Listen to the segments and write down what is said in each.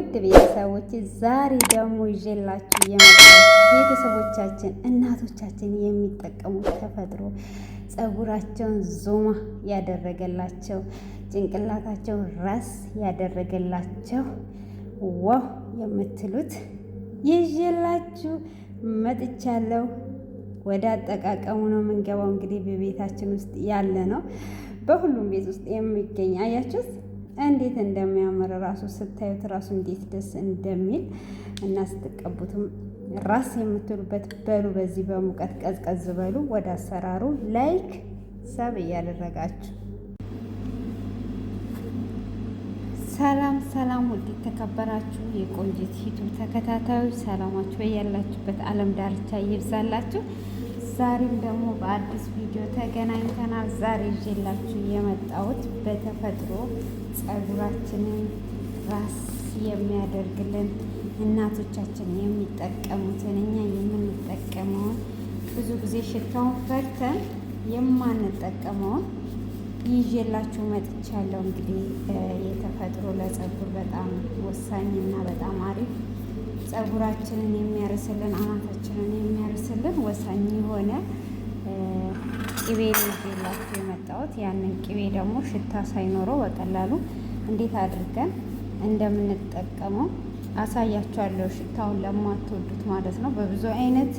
ውድ ቤተሰቦች ዛሬ ደግሞ ይዤላችሁ የመጣሁት ቤተሰቦቻችን እናቶቻችን የሚጠቀሙት ተፈጥሮ ጸጉራቸውን ዞማ ያደረገላቸው ጭንቅላታቸው ራስ ያደረገላቸው ዋው የምትሉት ይዤላችሁ መጥቻለሁ። ወደ አጠቃቀሙ ነው የምንገባው። እንግዲህ በቤታችን ውስጥ ያለ ነው፣ በሁሉም ቤት ውስጥ የሚገኝ አያችሁት እንዴት እንደሚያምር ራሱ ስታዩት ራሱ እንዴት ደስ እንደሚል እና ስትቀቡትም ራስ የምትሉበት በሉ። በዚህ በሙቀት ቀዝቀዝ በሉ። ወደ አሰራሩ ላይክ ሰብ እያደረጋችሁ ሰላም ሰላም፣ ውድ የተከበራችሁ የቆንጂት ሂቱ ተከታታዮች ሰላማችሁ ያላችሁበት ዓለም ዳርቻ ይብዛላችሁ። ዛሬም ደግሞ በአዲስ ቪዲዮ ተገናኝተናል። ዛሬ ይዤላችሁ የመጣሁት በተፈጥሮ ጸጉራችንን ራስ የሚያደርግልን እናቶቻችን የሚጠቀሙትን እኛ የምንጠቀመውን ብዙ ጊዜ ሽታውን ፈርተን የማንጠቀመውን ይዤላችሁ መጥቻለሁ። እንግዲህ የተፈጥሮ ለጸጉር በጣም ወሳኝና በጣም አሪፍ ጸጉራችንን የሚያርስልን አናታችንን የሚያርስልን ወሳኝ የሆነ ቅቤ ይዤላችሁ የመጣሁት ያንን ቅቤ ደግሞ ሽታ ሳይኖረው በቀላሉ እንዴት አድርገን እንደምንጠቀመው አሳያችኋለሁ። ሽታውን ለማትወዱት ማለት ነው። በብዙ አይነት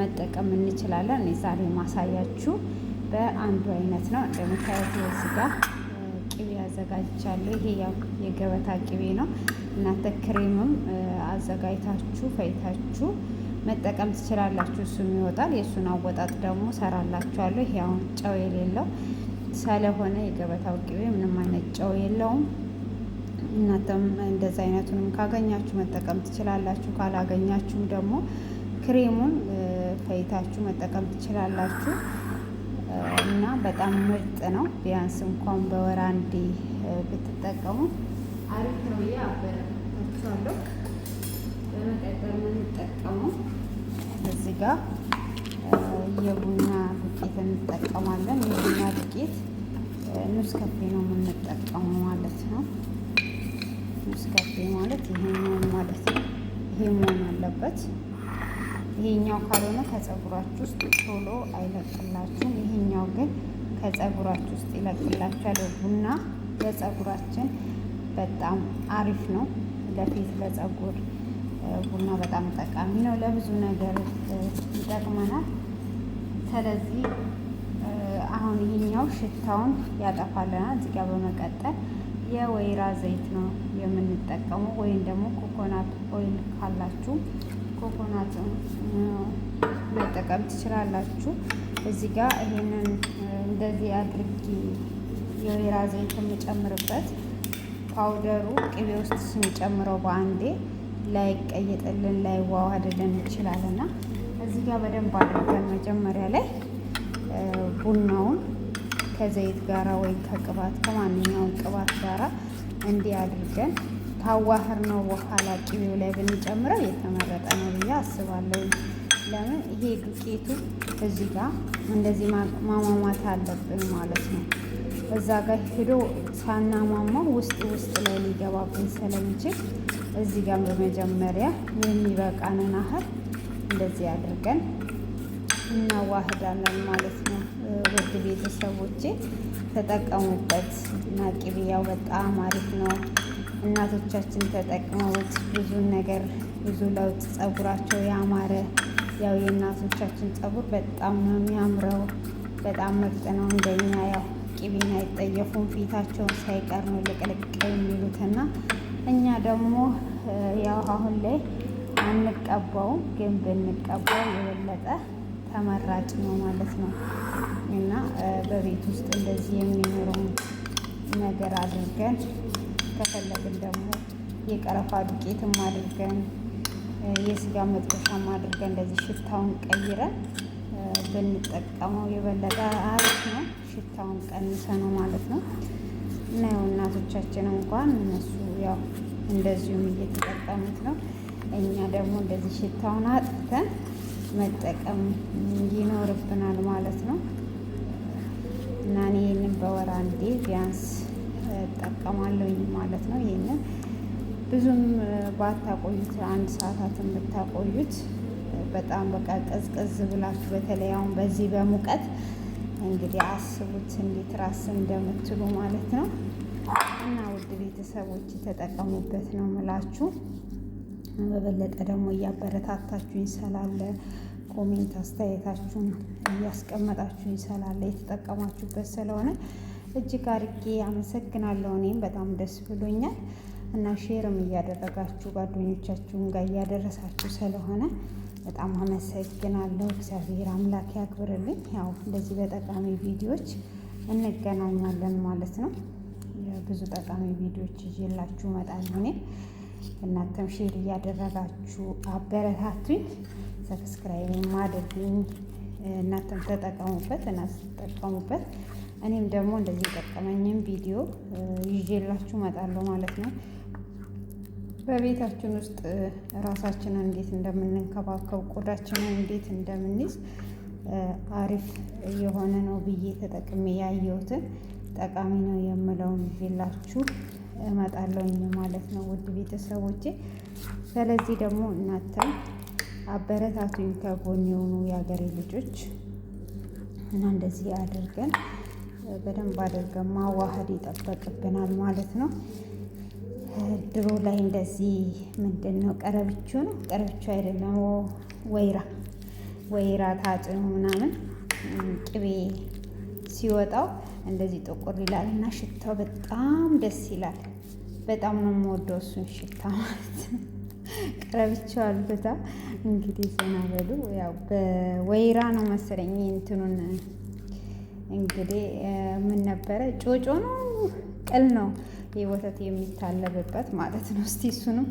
መጠቀም እንችላለን። እኔ ዛሬ ማሳያችሁ በአንዱ አይነት ነው። እንደምታዩት ስጋ ጋር አዘጋጅቻለሁ። ይሄ ያው የገበታ ቅቤ ነው። እናንተ ክሬምም አዘጋጅታችሁ ፈይታችሁ መጠቀም ትችላላችሁ። እሱም ይወጣል። የእሱን አወጣጥ ደግሞ ሰራላችኋለሁ። ይሄ አሁን ጨው የሌለው ስለሆነ የገበታው ቅቤ ምንም አይነት ጨው የለውም። እናንተም እንደዚ አይነቱንም ካገኛችሁ መጠቀም ትችላላችሁ። ካላገኛችሁም ደግሞ ክሬሙን ፈይታችሁ መጠቀም ትችላላችሁ እና በጣም ምርጥ ነው። ቢያንስ እንኳን በወር አንዴ ብትጠቀሙ አሪፍ ነው። ይህ አበረታችኋለሁ። በመቀጠል የምንጠቀመው እዚህ ጋር የቡና ዱቄት እንጠቀማለን። የቡና ዱቄት ኑስከፌ ነው የምንጠቀመው ማለት ነው። ኑስከፌ ማለት ይሄኛውን ማለት ነው። ይሄ መሆን አለበት። ይሄኛው ካልሆነ ከፀጉራችሁ ውስጥ ቶሎ አይለቅላችሁም። ይሄኛው ግን ከጸጉራችሁ ውስጥ ይለቅላችኋል። ቡና ለጸጉራችን በጣም አሪፍ ነው። ለፊት ለጸጉር ቡና በጣም ጠቃሚ ነው። ለብዙ ነገር ይጠቅመናል። ስለዚህ አሁን ይህኛው ሽታውን ያጠፋልናል። እዚጋ በመቀጠል የወይራ ዘይት ነው የምንጠቀመው፣ ወይም ደግሞ ኮኮናት ኦይል ካላችሁ ኮኮናት መጠቀም ትችላላችሁ። እዚህ ጋር ይሄንን እንደዚህ አድርጌ የወይራ ዘይት የምጨምርበት ፓውደሩ ቅቤ ውስጥ ስንጨምረው በአንዴ ላይቀየጥልን ላይዋዋድልን ይችላል እና እዚህ ጋር በደንብ አድርገን መጀመሪያ ላይ ቡናውን ከዘይት ጋራ ወይም ከቅባት ከማንኛውም ቅባት ጋራ እንዲህ አድርገን ታዋህር ነው በኋላ ቅቤው ላይ ብንጨምረው የተመረጠ ነው ብዬ አስባለሁ። ለምን ይሄ ዱቄቱ እዚህ ጋ እንደዚህ ማሟሟት አለብን ማለት ነው። እዛ ጋር ሄዶ ሳናሟሟው ውስጥ ውስጥ ላይ ሊገባብን ስለሚችል እዚህ ጋር በመጀመሪያ የሚበቃንን አህል እንደዚህ አድርገን እናዋህዳለን ማለት ነው። ውድ ቤተሰቦቼ ተጠቀሙበት እና በጣም አሪፍ ነው። እናቶቻችን ተጠቅመውት ብዙ ነገር ብዙ ለውጥ ጸጉራቸው ያማረ ያው የእናቶቻችን ጸጉር በጣም ነው የሚያምረው። በጣም ምርጥ ነው። እንደኛ ያው ቂቤን አይጠየፉም። ፊታቸውን ሳይቀር ነው ልቅልቅ የሚሉትና እኛ ደግሞ ያው አሁን ላይ አንቀባውም፣ ግን ብንቀባው የበለጠ ተመራጭ ነው ማለት ነው። እና በቤት ውስጥ እንደዚህ የሚኖረውን ነገር አድርገን ከፈለግን ደግሞ የቀረፋ ዱቄትም አድርገን የስጋ መጥበሻም አድርገን እንደዚህ ሽታውን ቀይረን ብንጠቀመው የበለጠ አሪፍ ነው። ሽታውን ቀንሰ ነው ማለት ነው። እና ያው እናቶቻችን እንኳን እነሱ ያው እንደዚሁም እየተጠቀሙት ነው። እኛ ደግሞ እንደዚህ ሽታውን አጥፍተን መጠቀም ይኖርብናል ማለት ነው። እና እኔ ይህንን በወር አንዴ ቢያንስ እጠቀማለሁኝ ማለት ነው ይህንን ብዙም ባታቆዩት አንድ ሰዓታትን ብታቆዩት በጣም በቃ ቀዝቀዝ ብላችሁ በተለይ አሁን በዚህ በሙቀት እንግዲህ አስቡት እንዴት ራስ እንደምትሉ ማለት ነው። እና ውድ ቤተሰቦች የተጠቀሙበት ነው ምላችሁ። በበለጠ ደግሞ እያበረታታችሁኝ ስላለ ኮሜንት አስተያየታችሁን እያስቀመጣችሁኝ ስላለ የተጠቀማችሁበት ስለሆነ እጅግ አድርጌ አመሰግናለሁ። እኔም በጣም ደስ ብሎኛል። እና ሼርም እያደረጋችሁ ጓደኞቻችሁን ጋር እያደረሳችሁ ስለሆነ በጣም አመሰግናለሁ። እግዚአብሔር አምላክ ያክብርልኝ። ያው እንደዚህ በጠቃሚ ቪዲዮዎች እንገናኛለን ማለት ነው። ብዙ ጠቃሚ ቪዲዮዎች ይዤላችሁ እመጣለሁ እኔም እናንተም ሼር እያደረጋችሁ አበረታቱኝ፣ ሰብስክራይብ ማድረጉኝ። እናንተም ተጠቀሙበት እና ስትጠቀሙበት እኔም ደግሞ እንደዚህ የጠቀመኝም ቪዲዮ ይዤላችሁ እመጣለሁ ማለት ነው። በቤታችን ውስጥ ራሳችንን እንዴት እንደምንንከባከብ ቆዳችንን እንዴት እንደምንይዝ አሪፍ የሆነ ነው ብዬ ተጠቅሜ ያየሁትን ጠቃሚ ነው የምለውን ይዤላችሁ እመጣለሁኝ ማለት ነው ውድ ቤተሰቦቼ። ስለዚህ ደግሞ እናንተ አበረታቱኝ ከጎን የሆኑ የሀገሬ ልጆች እና እንደዚህ አድርገን በደንብ አድርገን ማዋህድ ይጠበቅብናል ማለት ነው። ድሮ ላይ እንደዚህ ምንድን ነው ቀረብቹ ነው ቀረብቹ አይደለም፣ ወይራ ወይራ ታጭኖ ምናምን ቅቤ ሲወጣው እንደዚህ ጥቁር ይላል እና ሽታው በጣም ደስ ይላል። በጣም ነው የምወደው እሱን ሽታ ማለት ነው። ቀረብቸዋል ብታ እንግዲህ ዘና በሉ። ያው በወይራ ነው መሰለኝ እንትኑን እንግዲህ ምን ነበረ ጮጮ ነው ቅል ነው የወተት የሚታለብበት ማለት ነው። እስቲ እሱንም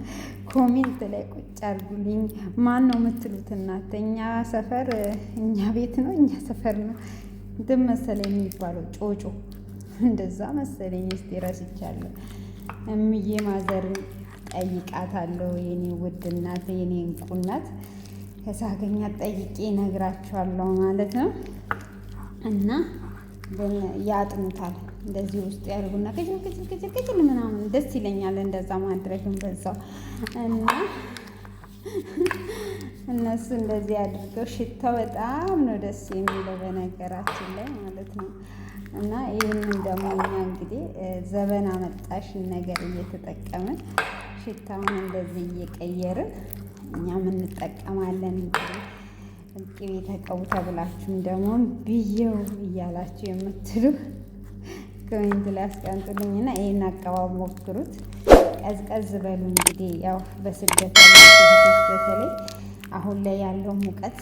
ኮሜንት ላይ ቁጭ አርጉልኝ። ማን ነው የምትሉት? እናት እኛ ሰፈር እኛ ቤት ነው እኛ ሰፈር ነው እንትን መሰለ የሚባለው ጮጮ እንደዛ መሰለኝ። እስቲ ረስቻለሁ። እምዬ ማዘርን ጠይቃታለሁ። የኔ ውድ እናት የኔ እንቁ እናት ከሳገኛት ጠይቄ እነግራችኋለሁ ማለት ነው እና ያጥኑታል እንደዚህ ውስጥ ያደርጉና ቅጭል ቅጭል ቅጭል ቅጭል ምናምን ደስ ይለኛል። እንደዛ ማድረግም በዛው እና እነሱ እንደዚህ አድርገው ሽታው በጣም ነው ደስ የሚለው በነገራችን ላይ ማለት ነው። እና ይህንን ደግሞ እኛ እንግዲህ ዘበን አመጣሽ ነገር እየተጠቀምን ሽታውን እንደዚህ እየቀየርን እኛም እንጠቀማለን። እንግዲህ ቅቤ ተቀቡ ተብላችሁም ደግሞ ብየው እያላችሁ የምትሉ ኮሜንት ላይ አስቀምጡልኝ እና ይህን አቀባብ ሞክሩት። ቀዝቀዝ በሉ እንግዲህ ያው በስደት በተለይ አሁን ላይ ያለው ሙቀት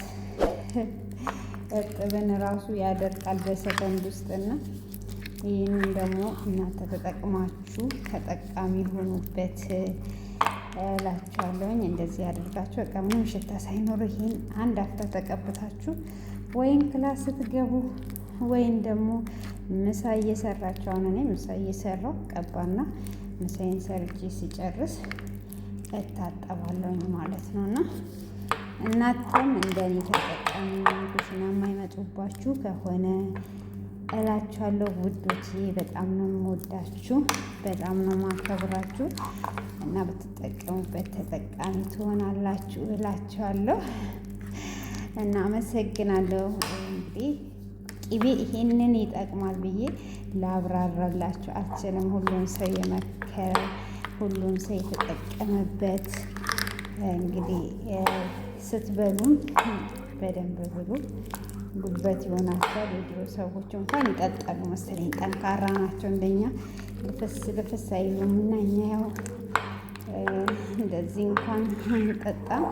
እርጥብን ራሱ ያደርቃል በሰከንድ ውስጥና ይህንን ደግሞ እናንተ ተጠቅማችሁ ተጠቃሚ ሆኑበት እላችኋለሁኝ። እንደዚህ ያደርጋችሁ በቃ ምንም ሽታ ሳይኖር ይህን አንድ አፍታ ተቀብታችሁ ወይም ክላስ ስትገቡ ወይም ደግሞ ምሳ እየሰራችሁ አሁን እኔ ምሳ እየሰራው ቀባና ምሳዬን ሰርጄ ሲጨርስ እታጠባለሁኝ ማለት ነው። እና እናንተም እንደኔ ተጠቃሚ ኩሽና የማይመጡባችሁ ከሆነ እላችኋለሁ ውዶቼ። በጣም ነው የምወዳችሁ፣ በጣም ነው የማከብራችሁ እና ብትጠቀሙበት ተጠቃሚ ትሆናላችሁ እላችኋለሁ እና አመሰግናለሁ እንግዲህ ቅቤ ይሄንን ይጠቅማል ብዬ ላብራራላችሁ አችልም። ሁሉም ሰው የመከረ ሁሉም ሰው የተጠቀመበት እንግዲህ ስትበሉም በደንብ ብሉ። ጉበት ይሆናቸዋል። የድሮ ሰዎች እንኳን ይጠጣሉ መሰለኝ፣ ጠንካራ ናቸው። እንደኛ ልፍስ ልፍስ አይሉም እና እኛ ያው እንደዚህ እንኳን አንጠጣም።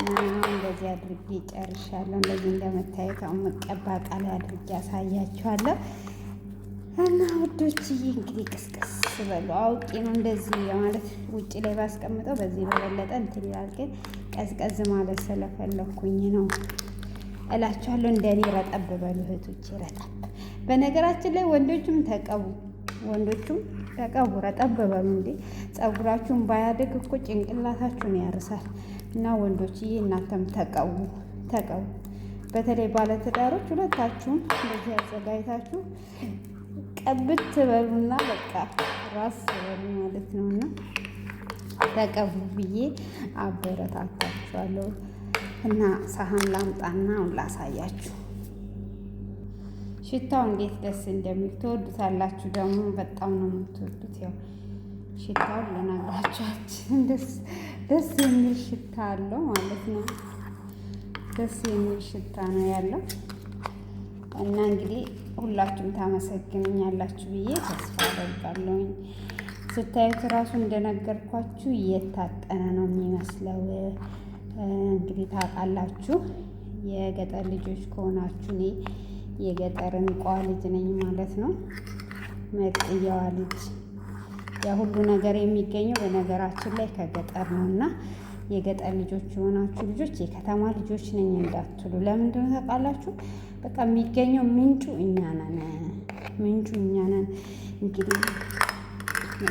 እና እንደዚህ አድርጌ ጨርሻለሁ። እንደዚህ እንደምታዩት አሁን መቀባ ቃል አድርጌ አሳያችኋለሁ። እና ውዶችዬ እንግዲህ ቅስቅስ በሉ። አውቄ ነው እንደዚህ ማለት ውጭ ላይ ባስቀምጠው በዚህ በበለጠ እንትን ይላል፣ ግን ቀዝቀዝ ማለት ስለፈለኩኝ ነው እላችኋለሁ። እንደኔ ረጠብ በሉ እህቶቼ፣ ረጠብ። በነገራችን ላይ ወንዶችም ተቀቡ ወንዶቹም ተቀቡረ ጠበበም እንዴ ጸጉራችሁን ባያደግ እኮ ጭንቅላታችሁን ያርሳል። እና ወንዶች ይህ እናንተም ተቀቡ ተቀቡ። በተለይ ባለትዳሮች ሁለታችሁም እንደዚህ አዘጋጅታችሁ ቀብት ትበሉና በቃ ራስ በሉ ማለት ነው። ነውና ተቀቡ ብዬ አበረታታችኋለሁ። እና ሳህን ላምጣና ላሳያችሁ ሽታው እንዴት ደስ እንደሚል ትወዱታላችሁ። ደግሞ በጣም ነው የምትወዱት። ያው ሽታው ለናግራችኋችን ደስ የሚል ሽታ አለው ማለት ነው። ደስ የሚል ሽታ ነው ያለው እና እንግዲህ ሁላችሁም ታመሰግኑኛላችሁ ብዬ ተስፋ አደርጋለሁኝ። ስታዩት እራሱ እንደነገርኳችሁ እየታጠነ ነው የሚመስለው። እንግዲህ ታውቃላችሁ የገጠር ልጆች ከሆናችሁ እኔ የገጠር እንቋ ልጅ ነኝ ማለት ነው። መጥየዋ ልጅ ያ ሁሉ ነገር የሚገኘው በነገራችን ላይ ከገጠር ነው እና የገጠር ልጆች የሆናችሁ ልጆች የከተማ ልጆች ነኝ እንዳትሉ። ለምንድን ነው ታውቃላችሁ? በቃ የሚገኘው ምንጩ እኛ ነን፣ ምንጩ እኛ ነን። እንግዲህ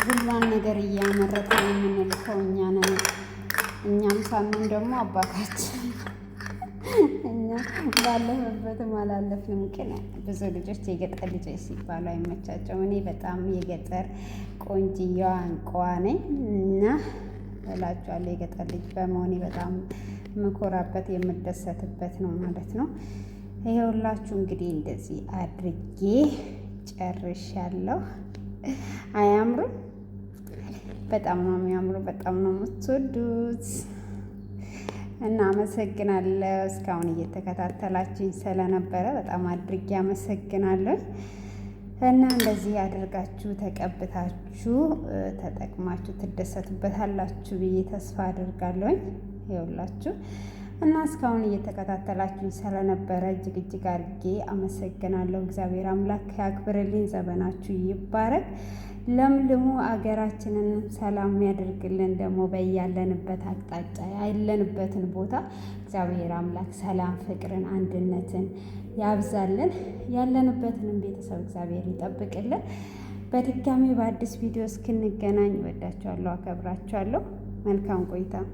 ሁሉን ነገር እያመረተ የምንልከው እኛ ነን። እኛም ሳምን ደግሞ አባታችን እኛ ባለፈበትም አላለፍንም። ግን ብዙ ልጆች የገጠር ልጆች ሲባሉ አይመቻቸውም። እኔ በጣም የገጠር ቆንጅየዋ እንቁዋ ነኝ እና እላችኋለሁ የገጠር ልጅ በመሆኔ በጣም የምኮራበት የምደሰትበት ነው ማለት ነው። ይኸውላችሁ እንግዲህ እንደዚህ አድርጌ ጨርሻለሁ። አያምሩም? በጣም ነው የሚያምሩ። በጣም ነው የምትወዱት። እና አመሰግናለሁ። እስካሁን እየተከታተላችኝ ስለነበረ በጣም አድርጌ አመሰግናለሁ። እና እንደዚህ አድርጋችሁ ተቀብታችሁ ተጠቅማችሁ ትደሰቱበታላችሁ ብዬ ተስፋ አድርጋለሁኝ። ይኸውላችሁ እና እስካሁን እየተከታተላችሁኝ ስለነበረ እጅግ እጅግ አድርጌ አመሰግናለሁ። እግዚአብሔር አምላክ ያክብርልኝ፣ ዘመናችሁ ይባረክ፣ ለምልሙ አገራችንን ሰላም ያደርግልን። ደግሞ በያለንበት አቅጣጫ ያለንበትን ቦታ እግዚአብሔር አምላክ ሰላም፣ ፍቅርን፣ አንድነትን ያብዛልን። ያለንበትንም ቤተሰብ እግዚአብሔር ይጠብቅልን። በድጋሚ በአዲስ ቪዲዮ እስክንገናኝ እወዳችኋለሁ፣ አከብራችኋለሁ። መልካም ቆይታ